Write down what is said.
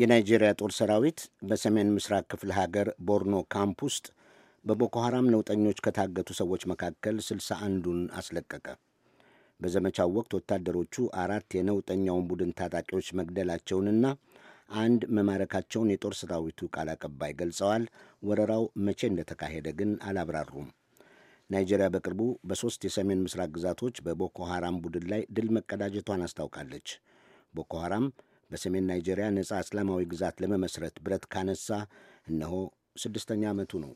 የናይጄሪያ ጦር ሰራዊት በሰሜን ምስራቅ ክፍለ ሀገር ቦርኖ ካምፕ ውስጥ በቦኮ ሐራም ነውጠኞች ከታገቱ ሰዎች መካከል ስልሳ አንዱን አስለቀቀ። በዘመቻው ወቅት ወታደሮቹ አራት የነውጠኛውን ቡድን ታጣቂዎች መግደላቸውንና አንድ መማረካቸውን የጦር ሰራዊቱ ቃል አቀባይ ገልጸዋል። ወረራው መቼ እንደተካሄደ ግን አላብራሩም። ናይጄሪያ በቅርቡ በሦስት የሰሜን ምስራቅ ግዛቶች በቦኮ ሐራም ቡድን ላይ ድል መቀዳጀቷን አስታውቃለች። ቦኮ ሐራም በሰሜን ናይጄሪያ ነጻ እስላማዊ ግዛት ለመመስረት ብረት ካነሳ እነሆ ስድስተኛ ዓመቱ ነው።